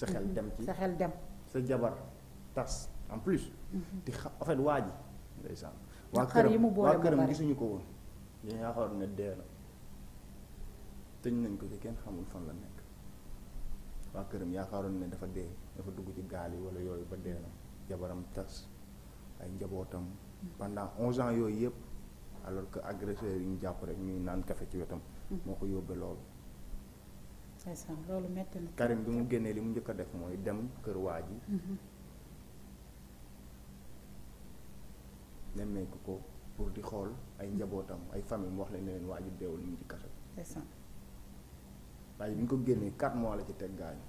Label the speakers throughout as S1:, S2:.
S1: sa xel dem ci sa xel dem. sa jabar tas en plus. Mhm. di xa en fait waa ji. ndeysaan waa këram waa këram gisuñu ko woon. ñu yaakaar ne dee nañ ko ci kenn xamul fan la nekk waa këram yaakaaroon ne dafa dee dafa dugg ci gaal yi wala yooyu ba dee na jabaram tas ay njabootam. Mhm. pendant onze ans yooyu yëpp alors que agresseur yi ñu jàpp rek ñuy naan kafe ci wetam. Mhm. moo ko yóbbee loolu.
S2: c'est loolu métti na.
S1: Karim bi mu génnee li mu njëkk a def mooy dem kër waa ji. Mhm. nemmeeku ko pour di xool ay njabootam ay famille mu wax lañ ne leen waa ji deewul mu ngi ci kaso. c'est ça waaye bi ñu ko génnee 4 mois la ci teg gaañu.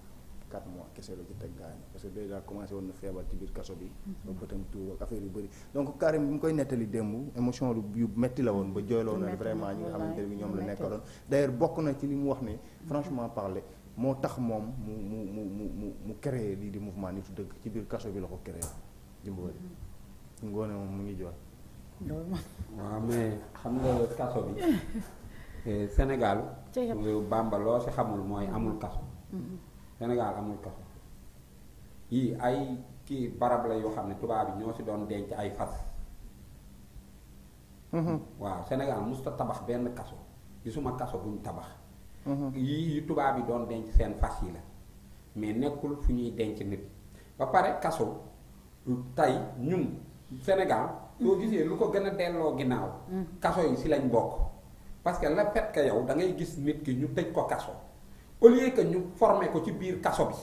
S1: 4 mois kese la ci gaañu parce que déjà commencé woon na feebar ci biir kaso bi. Mhm. ba bëtam tuur ak yu bëri. donc Karim bi mu koy nettali démb émotion yu metti la woon ba jooyloo na vraiment ñi nga ne ñoom la nekkaloon. d'ailleurs li mu wax ne franchement parler moo tax moom mu mu mu mu mu mu créé lii di mouvement nitu dëgg ci biir kaso bi la ko créé Jimbori. Mhm. ngoone moom
S3: mu ngi jooy. waaw mais
S1: xam nga kaso bi
S3: eh, Sénégal. Bamba loo si xamul mooy amul kaso. Mhm. Sénégal amul kaso yii ay kii barab la yoo xam ne tubaab yi ñoo ci doon denc ay fas mhm. waaw Sénégal musta tabax benn kaso gisuma kaso buñ tabax mhm. yii yi tubaab yi doon denc seen fas yi la mais nekkul fi ñuy denc nit ba pare kaso tey ñun Sénégal soo gisee lu ko gën a delloo ginnaaw mm. kaso yi si lañ bokk parce que la fait yow da ngay gis nit ki ñu tëj ko kaso au lieu que ñu former ko ci biir kaso bi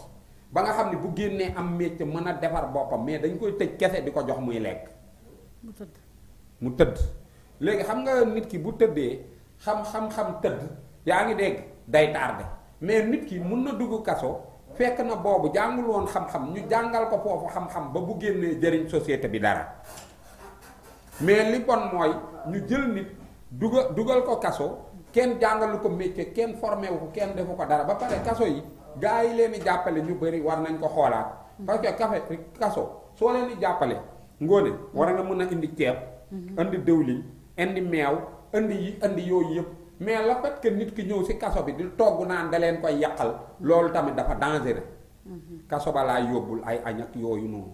S3: ba nga xam ni bu génnee am métier mën a defar boppam mais dañ koy tëj kese di ko jox muy lekk. mu tëdd mu tëdd. léegi xam nga nit ki bu tëddee xam xam xam tëdd yaa ngi dégg day tardé mais nit ki mun na dugg kaso fekk na boobu jàngul woon xam-xam ñu jàngal ko foofu xam-xam ba bu génnee jëriñ société bi dara mais li bon mooy ñu jël nit dugal dugal ko kaso. kenn jàngal lu ko métier kenn formé wu ko kenn defu ko dara ba pare kaso yi gars yi leen di jàppale ñu bari war nañ ko xoolaat. parce que kafe kaso soo leen di jàppale ngoone war nga mën a indi ceeb. Mhm. indi dëwlin indi meew indi yi indi yooyu yëpp. mais la fait que nit ki ñëw si kaso bi di togg naan da leen koy yàqal loolu tamit dafa dangereux. Mhm. kaso ba yóbbul ay añ ak yooyu noonu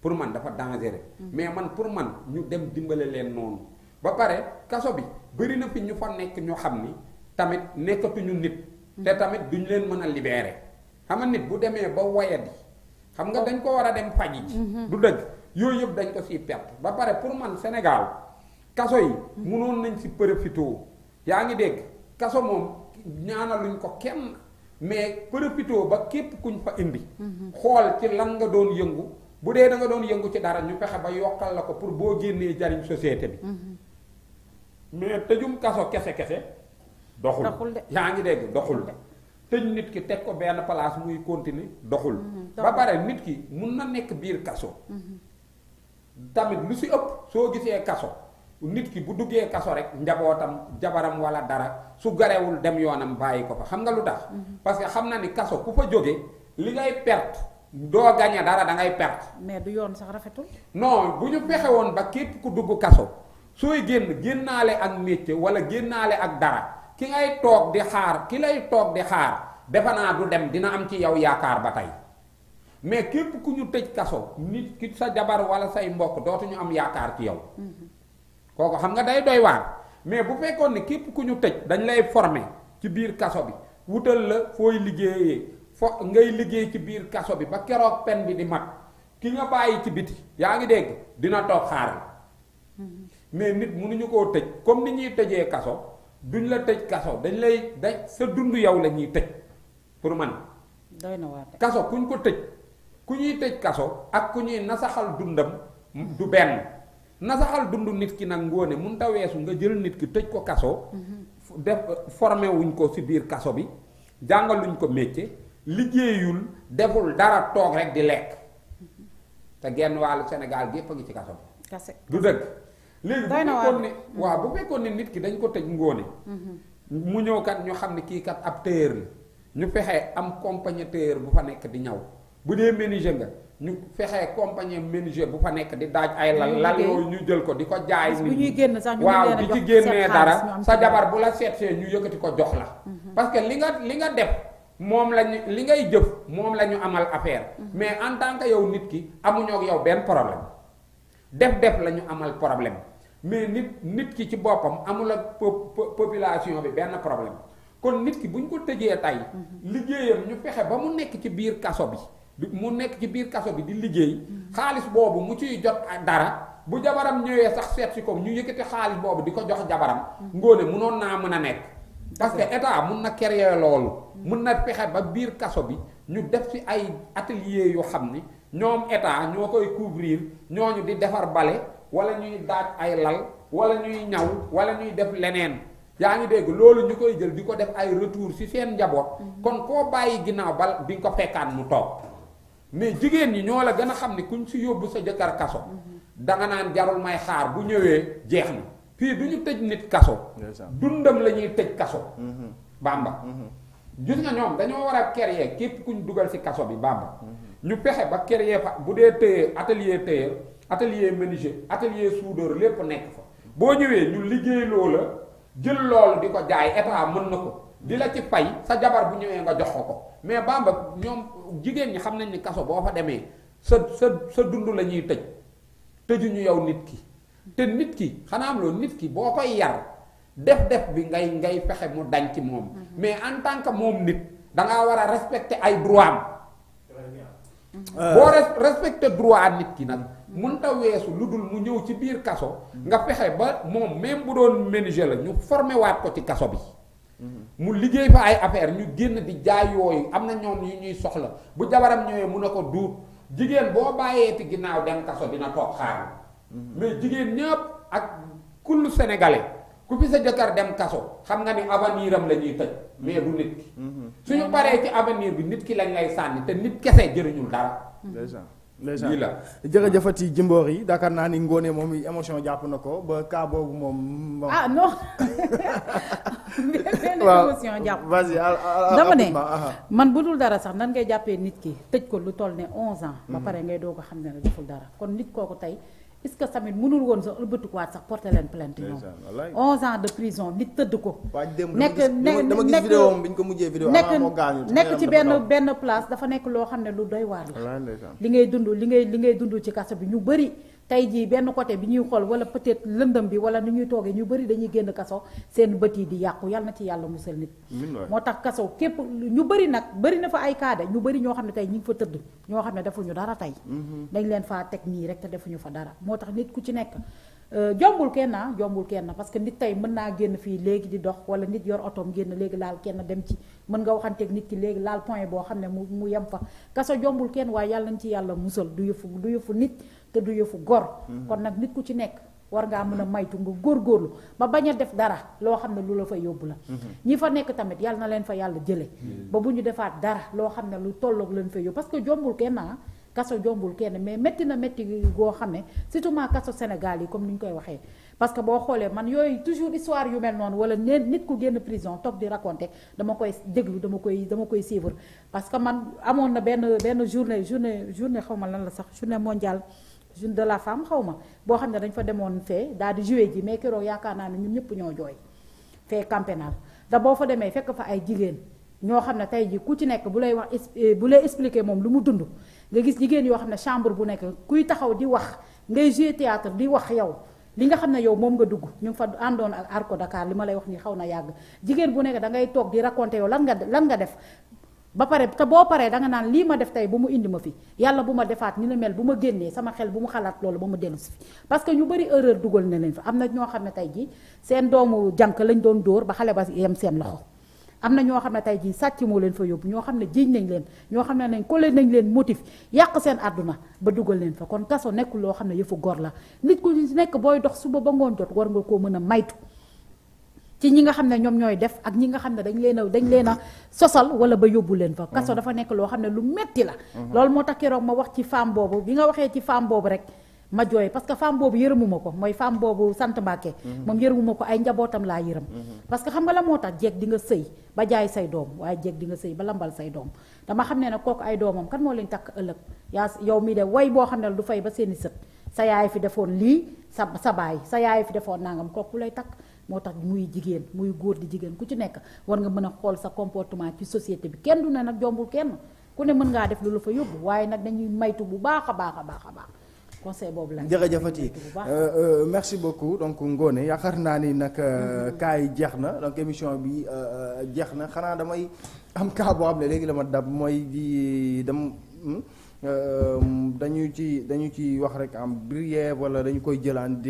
S3: pour man dafa dangereux. Mhm. mais man pour man ñu dem dimbale leen noonu. ba pare kaso bi bëri na fi ñu fa nekk ñu xam ni tamit nekkatuñu nit. te hmm. tamit duñ leen mën a libéré. xam nit bu demee ba wayadi xam nga dañ ko war a dem faji ji. Hmm. du dëgg yooyu yëpp dañ ko siy perte ba pare pour man Sénégal kaso yi. mënoon hmm. nañ si profitoo yaa ngi dégg kaso moom ñaanaluñ ko kenn. mais profitoo ba képp kuñ fa indi. xool ci lan nga doon yëngu bu dee da nga doon yëngu ci dara ñu fexe ba yokkal la ko pour boo génnee jariñ société bi. mais tëjum kaso kese kese doxul yaa ngi dégg doxul tëj nit ki teg ko benn place muy continuer doxul
S4: mhm, ba pare
S3: nit ki mun na nekk biir kaso mhm. tamit lu si ëpp soo gisee kaso nit ki bu duggee kaso rek njabootam jabaram wala dara su garewul dem yoonam bàyyi ko fa xam nga lu tax mhm. parce que xam na ni kaso ku fa jóge li ngay perte doo gañe dara da ngay perte
S2: mais du yoon sax rafetul
S3: noonu bu ñu fexe ba képp ku dugg kaso sooy génn génnaale ak métier wala génnaale ak dara ki ngay toog di xaar ki lay toog di xaar defe naa du dem dina am ci yow yaakaar ba tey mais képp ku ñu tëj kaso nit ki sa jabar wala say mbokk dootuñu am yaakaar ci yow. Mm-hmm. kooku xam nga day doy waar mais bu fekkoon ne képp ku ñu tëj dañ lay former ci biir kaso bi wutal la fooy liggéeyee fo ngay liggéey ci biir kaso bi ba keroog pen bi di mat ki nga bàyyi ci biti yaa ngi dégg dina toog xaar. mais nit mënuñu koo tëj comme ni ñuy tëjee kaso duñ la tëj kaso dañ lay dañ sa dund yow la ñuy tëj pour man. doy na waat kaso kuñ ko tëj ku ñuy tëj kaso ak ku ñuy nasaxal dundam du benn nasaxal dund nit ki nag ngoone mun ta weesu nga jël nit ki tëj ko kaso. Mhm. def wuñ ko ci biir kaso bi jàngaluñ ko métier liggéeyul deful dara toog rek di lekk mhm. te genn wàllu Sénégal gépp a ngi ci kaso
S2: bi.
S3: du dëgg. léegi bu fekkoon ne waaw bu fekkoon ne nit ki dañ ko tëj ngóone mm-hmm. mu ñëw kat ñu xam ne kii kat ab tailleur la ñu fexe am compagnie tailleur bu fa nekk di ñaw bu dee menuisier nga ñu fexe compagnie menuisier bu fa nekk di daaj ay lal lal ñu jël ko di ko jaay nit
S2: ñi waaw di ci génnee dara sa jabar
S3: bu la seetsee ñu yëkkati ko jox la mm-hmm. parce que li nga li nga def moom lañu li ngay jëf moom la ñu amal affaire mm-hmm. mais en tant que yow nit ki amuñook yow benn problème def def la ñu amal problème mais nit nit ki ci boppam amul ak population bi benn problème kon nit ki bu ñu ko tëjee tey mhm. liggéeyam ñu fexe ba mu nekk ci biir kaso bi mu nekk ci biir kaso bi di liggéey mhm. xaalis boobu mu ciy jot dara bu jabaram ñëwee sax seet si ko ñu yëkkati xaalis boobu di ko jox jabaram mhm. ngóone munoon naa mën a nekk parce que état mun na créer loolu mun na fexe ba biir kaso bi ñu def ci ay atelier yu xam ni ñoom état ñoo koy couvrir ñooñu di defar bale wala ñuy daat ay lal wala ñuy ñaw wala ñuy def leneen yaa ngi dégg loolu ñu koy jël di ko def ay retour ci seen njaboot mhm. kon koo bàyyi ginnaaw ba di ko fekkaat mu toog mais jigéen ñi ñoo la gën a xam ne kuñ si yóbbu sa jëkkër kaso mhm. danga naan jarul may xaar bu ñëwee jeex na fii du ñu tëj nit kaso dundam la ñuy tëj kaso mhm. bamba gis nga ñoom dañoo war a créer képp ku kuñ dugal ci kaso bi bamba ñu pexe ba créer fa bu dee téye atelier téye atelier menuisier atelier soudeur lépp nekk fa boo ñëwee ñu liggéey loola jël lool di ko jaay état mën na ko di la ci fay sa jabar bu ñëwee nga jox ko ko mais Bamba ñoom jigéen ñi xam nañ ni kaso boo fa demee sa sa sa dund la ñuy tëj tëjuñu yow nit ki te nit ki xanaa am loolu nit ki boo koy yar def-def bi ngay ngay fexe mu dañ ci moom mm-hmm. mais en tant que moom nit da ngaa war a respecter ay droit am boo respecté droit nit ki nag mun ta weesu lu dul mu ñëw ci biir kaso nga fexe ba moom même bu doon ménager la ñu formé waat ko ci kaso bi mu liggéey fa ay affaire ñu génn di jaay yooyu am na ñoom yu ñuy soxla bu jabaram ñëwee mun a ko duut jigéen boo bàyyee ti ginnaaw dem kaso dina toog xaar mm-hmm. mais jigéen ñëpp ak kullu sénégalais ku fi sa jëkkër dem kaso xam nga ni avenir am la ñuy tëj mais du nit ki mhm. suñu paree ci avenir bi nit ki lañ lay sànni te nit kese jëriñul dara mhm. lii la
S1: jërëjëfati jimboor yi daakaar naa ni ngoone moom émotion jàpp na ko ba cas boobu moom ah non émotion jàpp vas-y ah, ah, ah, dama ne
S2: man bu dul dara sax nan ngay jàppee nit ki tëj ko lu toll ne onze ans ba mhm. pare ngay doo ko xam ne deful dara kon nit kooku tey est-ce que tamit mënul woon sax ëlbatikuwaat sax porté leen plainte ñoom 11 ans de prison nit tëdd ko nekk nekk
S1: nekk nekk ci benn
S2: benn place dafa nekk loo xam ne lu doy waar la li ngay dund li ngay li ngay dund ci kaso bi ñu bëri tey jii benn côté bi ñuy xool wala peut-être lëndëm bi wala ni ñuy toogee ñu bëri dañuy génn kaso seen bët yi di yàqu yal na ci yàlla musal nit moo tax kaso képp ñu bëri nag bëri na fa ay kaada ñu bëri ñoo xam ne tey ñu ngi fa tëdd ñoo xam ne defuñu dara tey mm-hmm. dañ leen faa teg nii rek te defuñu fa dara moo tax nit ku ci nekk euh, jombul kenn ah jombul kenn parce que nit tey mën naa génn fii léegi di dox wala nit yor génn léegi laal kenn dem ci mën nga waxanteeg nit ki léegi laal point boo xam ne mu mu yem fa kaso jombul kenn waaye yàlla nañ ci yàlla musal du yëfu du yëfu nit te du yëfu gor. Mhm. kon nag nit ku ci nekk war ngaa mën a maytu nga góorlu ba bañ a def dara loo xam ne lu la fa yóbbu la. Mhm. ñi fa nekk tamit yàlla na leen fa yàlla jëlee. Mhm. ba bu ñu defaat dara loo xam ne lu tolloog leen fa yóbbu parce que jombul kenn ah. kaso jombul kenn mais métti na métti goo xam ne surtout ma kaso Sénégal yi comme ni ñu koy waxee parce que boo xoolee man yooyu toujours histoire yu mel noonu wala neen nit ku génn prison toog di raconter dama koy déglu dama koy dama koy suivre parce que man amoon na benn benn journée journée journée xaw ma lan la sax journée mondiale jeune de la femme xaw ma boo xam ne dañ fa demoon fee daal di ji mais keroog yaakaar naa ne ñun ñëpp ñoo jooy fee camp pénal da boo fa demee fekk fa ay jigéen ñoo xam ne tey ji ku ci nekk bu lay wax eh, bu lay expliqué moom lu mu dund nga gis jigéen yoo xam ne chambre bu nekk kuy taxaw di wax ngay joué théâtre di wax yow li nga xam ne yow moom nga dugg ñu fa àndoon ak Arco Dakar li ma lay wax nii xaw na yàgg jigéen bu nekk da ngay toog di raconté yow lan nga lan nga def ba pare te boo paree danga naan lii ma def tey bu mu indi ma fi yàlla bu ma defaat ni na mel bu ma génnee sama xel bu mu xalaat loolu ba mu dellu fi parce que ñu bëri erreur dugal na leen fa am na ñoo xam ne tey jii seen doomu jànk lañ doon dóor ba xale ba yem seen loxo am na ñoo xam ne tey jii sàcc moo leen fa yóbbu ñoo xam ne jiiñ nañ leen ñoo xam ne nañ collé nañ leen motif yàq seen àdduna ba dugal leen fa kon kaso nekk loo xam ne yëfu gor la nit ku nekk booy dox suba ba ngoon jot war nga koo mën a maytu ci ñi nga xam ne ñoom ñooy def ak ñi nga xam ne dañ leen a dañ a sosal wala ba yóbbu leen fa kaso dafa nekk loo xam ne lu metti la mhm. loolu moo tax keroog ma wax ci femme boobu bi nga waxee ci femme boobu rek ma jooy parce que femme boobu yërëmuma ko mooy femme boobu sant Mbàkke mhm. moom yërëmuma ko ay njabootam laa yërëm mhm. parce que xam nga la moo tax jeeg di nga sëy ba jaay say doom waaye jeeg di nga sëy ba lambal say doom dama xam ne nag kooku ay doomam kan moo leen takk ëllëg yaa yow mi de way boo xam ne du fay ba seeni sët sa yaay fi defoon lii sa sa baay sa yaay fi defoon nangam kooku lay takk moo tax muy jigéen muy góor di jigéen ku ci nekk war nga mën a xool sa comportement ci société bi kenn du ne nag jombul kenn ku ne mën ngaa def lu la fa yóbbu waaye nag dañuy maytu bu baax a baax a baax a baax conseil boobu la jërëjëfati euh,
S1: euh, merci beaucoup donc ngoone yaakaar naa ni nag euh, mm-hmm. cas yi jeex na donc émission bi jeex na xanaa damay am cas boo xam ne léegi la ma dab mooy di dam hmm, dañu ci dañu ci wax rek am briève wala dañu koy jëlaan